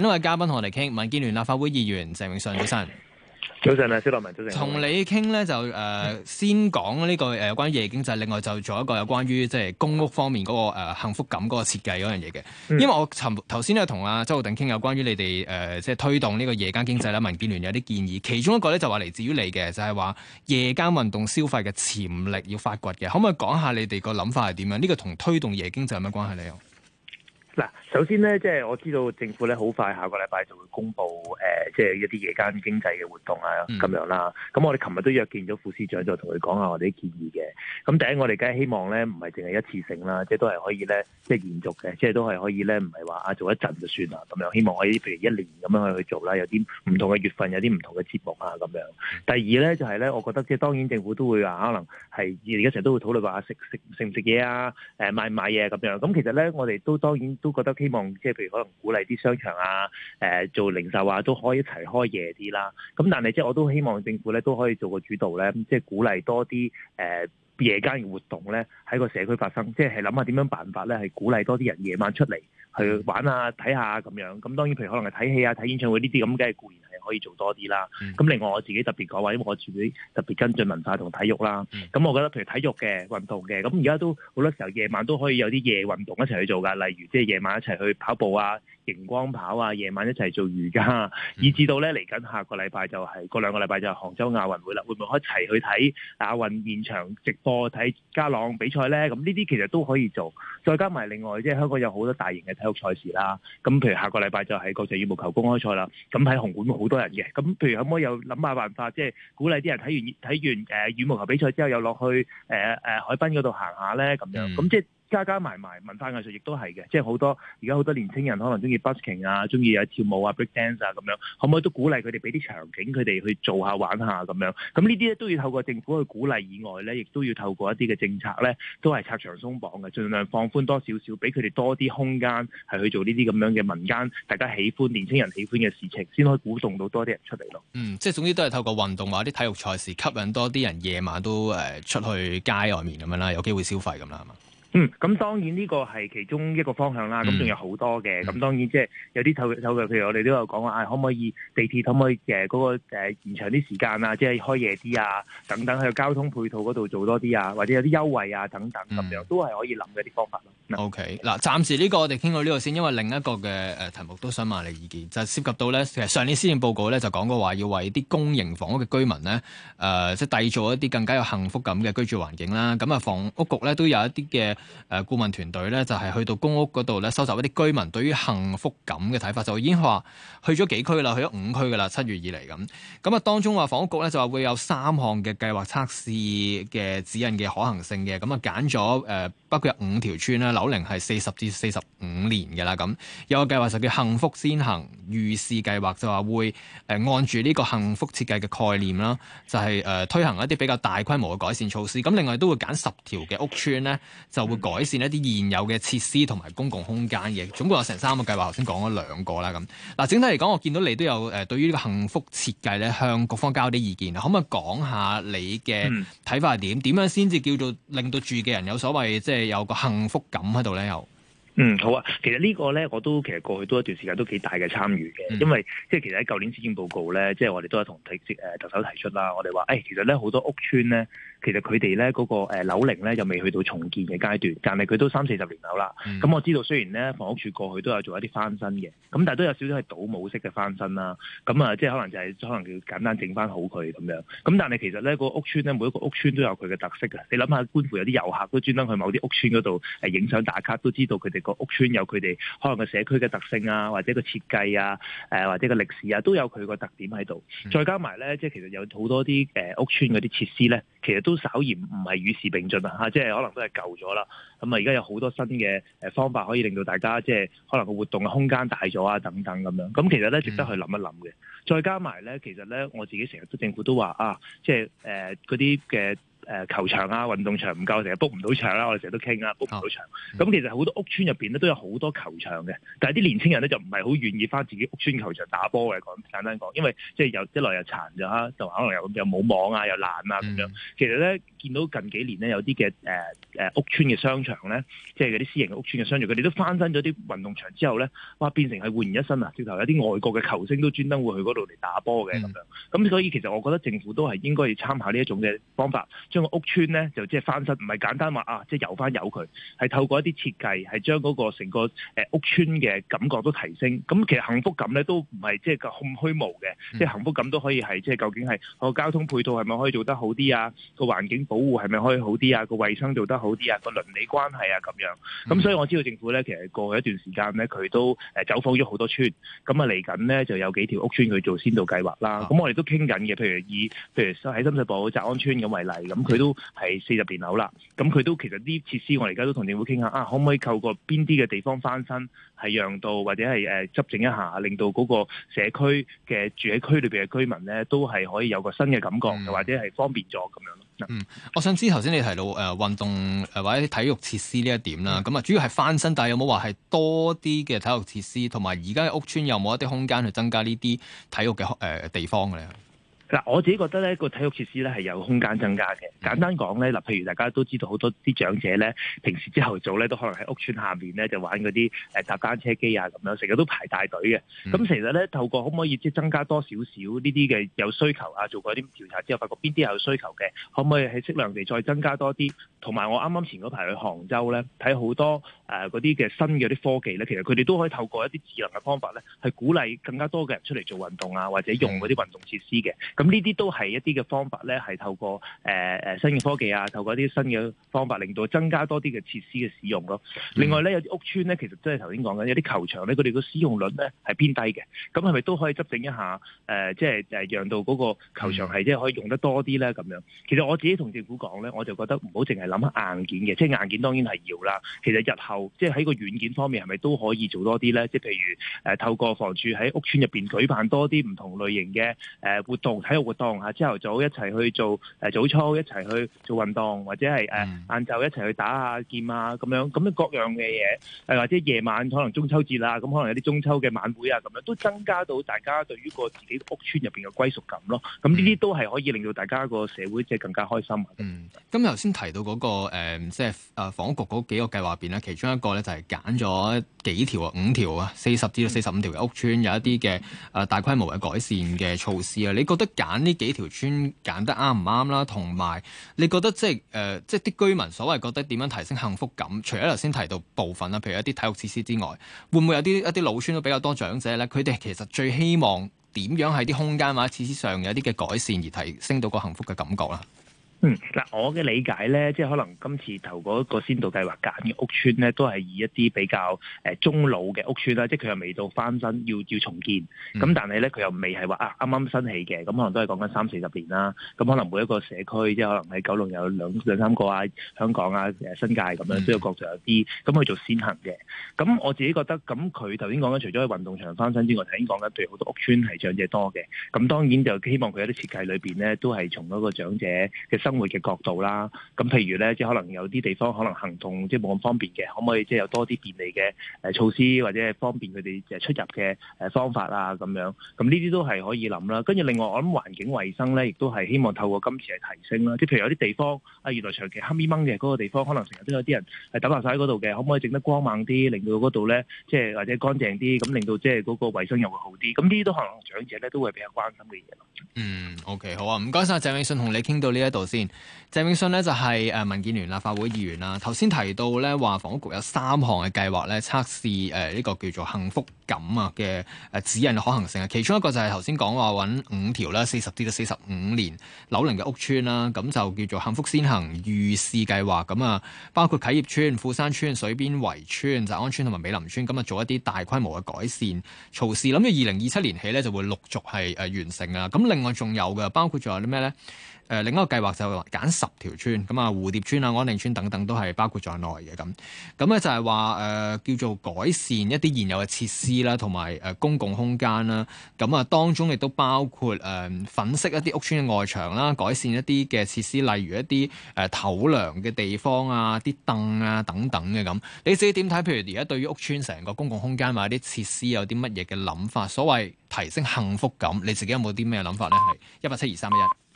兩位嘉賓同我哋傾，民建聯立法會議員鄭泳舜先生，早晨啊，小羅文，早晨。同你傾咧就誒，呃嗯、先講呢、這個誒、呃、關於夜經濟，另外就做一個有關於即係公屋方面嗰、那個誒、呃、幸福感嗰個設計嗰樣嘢嘅。嗯、因為我頭先咧同阿周浩鼎傾有關於你哋誒、呃，即係推動呢個夜間經濟咧，民建聯有啲建議，其中一個咧就話嚟自於你嘅，就係、是、話夜間運動消費嘅潛力要發掘嘅，可唔可以講下你哋個諗法係點樣？呢、這個同推動夜經濟有咩關係咧？嗱，首先咧，即係我知道政府咧好快下個禮拜就會公布誒，即係一啲夜間經濟嘅活動啊、嗯，咁樣啦。咁我哋琴日都約見咗副司長，就同佢講下我哋啲建議嘅。咁第一，我哋梗係希望咧，唔係淨係一次性啦，即係都係可以咧，即係延續嘅，即係都係可以咧，唔係話啊做一陣就算啦咁樣。希望可以，譬如一年咁樣去去做啦，有啲唔同嘅月份，有啲唔同嘅節目啊咁樣。第二咧，就係咧，我覺得即係當然政府都會話可能係而家成日都會討論話食食食唔食嘢啊，誒買唔買嘢咁樣。咁其實咧，我哋都當然都都覺得希望，即係譬如可能鼓勵啲商場啊，誒、呃，做零售啊，都可以一齊開夜啲啦。咁但係，即係我都希望政府咧，都可以做個主導咧，即係鼓勵多啲誒。呃夜間嘅活動咧喺個社區發生，即係諗下點樣辦法咧，係鼓勵多啲人夜晚出嚟去玩啊、睇下咁樣。咁當然，譬如可能係睇戲啊、睇演唱會呢啲咁，梗固然係可以做多啲啦。咁、嗯、另外，我自己特別講話，因為我自己特別跟進文化同體育啦。咁、嗯嗯、我覺得，譬如體育嘅運動嘅，咁而家都好多時候夜晚都可以有啲夜運動一齊去做㗎，例如即係夜晚一齊去跑步啊、熒光跑啊，夜晚一齊做瑜伽，嗯、以至到咧嚟緊下個禮拜就係、是、過兩個禮拜就杭州亞運會啦，會唔會一齊去睇亞運現場直個睇家朗比賽咧，咁呢啲其實都可以做，再加埋另外即係香港有好多大型嘅體育賽事啦。咁譬如下個禮拜就係國際羽毛球公開賽啦，咁喺紅館好多人嘅。咁譬如可唔可以又諗下辦法，即係鼓勵啲人睇完睇完誒羽毛球比賽之後，又落去誒誒海濱嗰度行下咧咁樣。咁即係。加加埋埋，文化藝術亦都係嘅，即係好多而家好多年青人可能中意 busking 啊，中意啊跳舞啊，break dance 啊咁樣，可唔可以都鼓勵佢哋俾啲場景佢哋去做下玩下咁樣？咁呢啲咧都要透過政府去鼓勵以外咧，亦都要透過一啲嘅政策咧，都係拆牆鬆綁嘅，盡量放寬多少少，俾佢哋多啲空間係去做呢啲咁樣嘅民間大家喜歡、年輕人喜歡嘅事情，先可以鼓動到多啲人出嚟咯。嗯，即係總之都係透過運動或者體育賽事吸引多啲人夜晚都誒出去街外面咁樣啦，有機會消費咁啦，係嘛？嗯，咁當然呢個係其中一個方向啦。咁仲有好多嘅，咁、嗯嗯、當然即係有啲透透嘅，譬如我哋都有講話，可唔可以地鐵可唔可以誒、那、嗰個、呃、延長啲時間啊？即係開夜啲啊，等等喺交通配套嗰度做多啲啊，或者有啲優惠啊，等等咁樣、嗯、都係可以諗嘅啲方法 O K，嗱，暫時呢個我哋傾到呢度先，因為另一個嘅誒題目都想問你意見，就係、涉及到咧，其實上年施政報告咧就講過話，要為啲公營房屋嘅居民咧誒即係締造一啲更加有幸福感嘅居住環境啦。咁啊，房屋局咧都有一啲嘅。誒，顧問團隊咧就係、是、去到公屋嗰度咧，收集一啲居民對於幸福感嘅睇法，就已經話去咗幾區啦，去咗五區噶啦，七月以嚟咁。咁啊，當中話房屋局咧就話會有三項嘅計劃測試嘅指引嘅可行性嘅，咁啊揀咗誒，包括有五條村啦，樓齡係四十至四十五年噶啦，咁有個計劃就叫幸福先行預試計劃，就話會誒按住呢個幸福設計嘅概念啦，就係、是、誒、呃、推行一啲比較大規模嘅改善措施。咁另外都會揀十條嘅屋村咧就。會改善一啲現有嘅設施同埋公共空間嘅，總共有成三個計劃，頭先講咗兩個啦，咁嗱，整體嚟講，我見到你都有誒，對於呢個幸福設計咧，向各方交啲意見。可唔可以講下你嘅睇法係點？點樣先至叫做令到住嘅人有所謂即係有個幸福感喺度咧？又嗯，好啊，其實這個呢個咧，我都其實過去都一段時間都幾大嘅參與嘅，嗯、因為即係其實喺舊年施政報告咧，即係我哋都有同特誒特首提出啦，我哋話誒，其實咧好多屋邨咧。其實佢哋咧嗰個誒樓齡咧又未去到重建嘅階段，但係佢都三四十年樓啦。咁、嗯、我知道雖然咧房屋署過去都有做一啲翻新嘅，咁但係都有少少係倒模式嘅翻新啦。咁啊，即係可能就係可能要簡單整翻好佢咁樣。咁但係其實咧個屋村咧每一個屋村都有佢嘅特色。你諗下，官府有啲遊客都專登去某啲屋村嗰度影相打卡，都知道佢哋個屋村有佢哋可能個社區嘅特性啊，或者個設計啊，或者個歷史啊，都有佢個特點喺度。再加埋咧，即其實有好多啲屋村嗰啲設施咧。其實都稍嫌唔係與時並進啊！吓，即係可能都係舊咗啦。咁啊，而家有好多新嘅呃方法可以令到大家即係可能個活動嘅空間大咗啊，等等咁樣。咁其實咧值得去諗一諗嘅。嗯、再加埋咧，其實咧我自己成日都政府都話啊，即係嗰啲嘅。呃誒球場啊，運動場唔夠，成日 book 唔到場啦。我哋成日都傾啦，book 唔到場。咁、哦嗯、其實好多屋邨入邊咧都有好多球場嘅，但係啲年輕人咧就唔係好願意返自己屋邨球場打波嘅。講簡單講，因為即係又一來又殘咗嚇，就可能又又冇網啊，又爛啊咁樣。嗯、其實咧，見到近幾年咧有啲嘅誒誒屋邨嘅商場咧，即係嗰啲私營屋邨嘅商場，佢哋都翻新咗啲運動場之後咧，哇變成係煥然一新啊！直頭有啲外國嘅球星都專登會去嗰度嚟打波嘅咁樣。咁所以其實我覺得政府都係應該要參考呢一種嘅方法。個屋村咧就即、是、係翻新，唔係簡單話啊，即係油返油佢，係透過一啲設計，係將嗰個成個誒屋村嘅感覺都提升。咁其實幸福感咧都唔係即係空虛無嘅，即、就、係、是、幸福感都可以係即係究竟係個交通配套係咪可以做得好啲啊？個環境保護係咪可以好啲啊？個衛生做得好啲啊？個鄰里關係啊咁樣。咁、嗯、所以我知道政府咧，其實過去一段時間咧，佢都誒走訪咗好多村。咁啊嚟緊咧就有幾條屋村去做先導計劃啦。咁、啊、我哋都傾緊嘅，譬如以譬如喺深水埗澤安村咁為例咁。佢都係四十年樓啦，咁佢都其實啲設施，我哋而家都同政府傾下啊，可唔可以透過邊啲嘅地方翻新，係讓到或者係誒、呃、執正一下，令到嗰個社區嘅住喺區裏邊嘅居民咧，都係可以有個新嘅感覺的，或者係方便咗咁樣咯。嗯，我想知頭先你提到誒、呃、運動或者啲體育設施呢一點啦，咁啊、嗯、主要係翻新，但係有冇話係多啲嘅體育設施，同埋而家屋邨有冇一啲空間去增加呢啲體育嘅誒、呃、地方嘅咧？嗱，我自己覺得咧，個體育設施咧係有空間增加嘅。簡單講咧，嗱，譬如大家都知道好多啲長者咧，平時朝頭早咧都可能喺屋邨下面咧就玩嗰啲誒踏單車機啊咁樣，成日都排大隊嘅。咁、嗯、其實咧，透過可唔可以即係增加多少少呢啲嘅有需求啊？做過啲調查之後，發覺邊啲有需求嘅，可唔可以喺適量地再增加多啲？同埋我啱啱前嗰排去杭州咧，睇好多誒嗰啲嘅新嘅啲科技咧，其實佢哋都可以透過一啲智能嘅方法咧，去鼓勵更加多嘅人出嚟做運動啊，或者用嗰啲運動設施嘅。咁呢啲都係一啲嘅方法咧，係透過誒、呃、新嘅科技啊，透過一啲新嘅方法，令到增加多啲嘅設施嘅使用咯。另外咧，有啲屋邨咧，其實真係頭先講緊，有啲球場咧，佢哋個使用率咧係偏低嘅。咁係咪都可以執整一下？誒、呃，即係誒讓到嗰個球場係即係可以用得多啲咧咁樣。其實我自己同政府講咧，我就覺得唔好淨係諗下硬件嘅，即係硬件當然係要啦。其實日後即係喺個軟件方面，係咪都可以做多啲咧？即係譬如、呃、透過房署喺屋邨入邊舉辦多啲唔同類型嘅誒活動。喺度活動啊！朝頭早一齊去做誒、呃、早操，一齊去做運動，或者係誒晏晝一齊去打下劍啊咁樣。咁樣各樣嘅嘢，誒、呃、或者夜晚可能中秋節啦、啊，咁可能有啲中秋嘅晚會啊，咁樣都增加到大家對於個自己屋邨入邊嘅歸屬感咯。咁呢啲都係可以令到大家個社會即係更加開心啊。嗯，咁頭先提到嗰、那個誒，即係誒房屋局嗰幾個計劃入邊咧，其中一個咧就係揀咗幾條啊，五條啊，四十至到四十五條嘅屋邨有一啲嘅誒大規模嘅改善嘅措施啊。你覺得？揀呢幾條村揀得啱唔啱啦，同埋你覺得即、呃、即啲居民所謂覺得點樣提升幸福感？除咗頭先提到部分啦，譬如一啲體育設施之外，會唔會有啲一啲老村都比較多長者咧？佢哋其實最希望點樣喺啲空間或者設施上有啲嘅改善而提升到個幸福嘅感覺啦？嗯，嗱，我嘅理解咧，即係可能今次投嗰個先導計劃揀嘅屋邨咧，都係以一啲比較、呃、中老嘅屋邨啦，即係佢又未到翻新，要要重建，咁、嗯、但係咧佢又未係話啊啱啱新起嘅，咁可能都係講緊三四十年啦，咁可能每一個社區即係可能喺九龍有兩三個啊，香港啊新界咁樣都、嗯、有各處有啲，咁去做先行嘅。咁我自己覺得，咁佢頭先講緊除咗喺運動場翻新之外，頭先講緊對好多屋邨係長者多嘅，咁當然就希望佢喺啲設計裏邊咧，都係從嗰個長者嘅身生活嘅角度啦，咁譬如咧，即係可能有啲地方可能行動即係冇咁方便嘅，可唔可以即係有多啲便利嘅誒措施，或者係方便佢哋誒出入嘅誒方法啊咁樣，咁呢啲都係可以諗啦。跟住另外，我諗環境衛生咧，亦都係希望透過今次係提升啦。即係譬如有啲地方啊，原來長期黑咪掹嘅嗰個地方，可能成日都有啲人係抌垃圾喺嗰度嘅，可唔可以整得光猛啲，令到嗰度咧即係或者乾淨啲，咁令到即係嗰個衛生又會好啲？咁呢啲都可能長者咧都會比較關心嘅嘢。嗯，OK，好啊，唔該晒鄭泳舜，同你傾到呢一度先。鄭泳舜呢，就係誒民建聯立法會議員啦。頭先提到呢話房屋局有三項嘅計劃呢，測試誒呢個叫做幸福感啊嘅誒指引嘅可行性啊。其中一個就係頭先講話揾五條啦，四十至到四十五年樓齡嘅屋邨啦，咁就叫做幸福先行預試計劃。咁啊，包括啟業邨、富山邨、水邊圍邨、澤安邨同埋美林邨。咁啊，做一啲大規模嘅改善措施，諗住二零二七年起呢，就會陸續係誒完成啊。咁另外仲有嘅包括仲有啲咩呢？誒，另一個計劃就是。揀十條村，咁啊蝴蝶村啊安定村等等都係包括在內嘅咁。咁咧就係話誒叫做改善一啲現有嘅設施啦，同埋誒公共空間啦。咁啊當中亦都包括誒、呃、粉飾一啲屋村嘅外牆啦，改善一啲嘅設施，例如一啲誒透涼嘅地方啊，啲凳啊等等嘅咁。你自己點睇？譬如而家對於屋村成個公共空間或者啲設施有啲乜嘢嘅諗法？所謂提升幸福感，你自己有冇啲咩諗法咧？係一八七二三一一。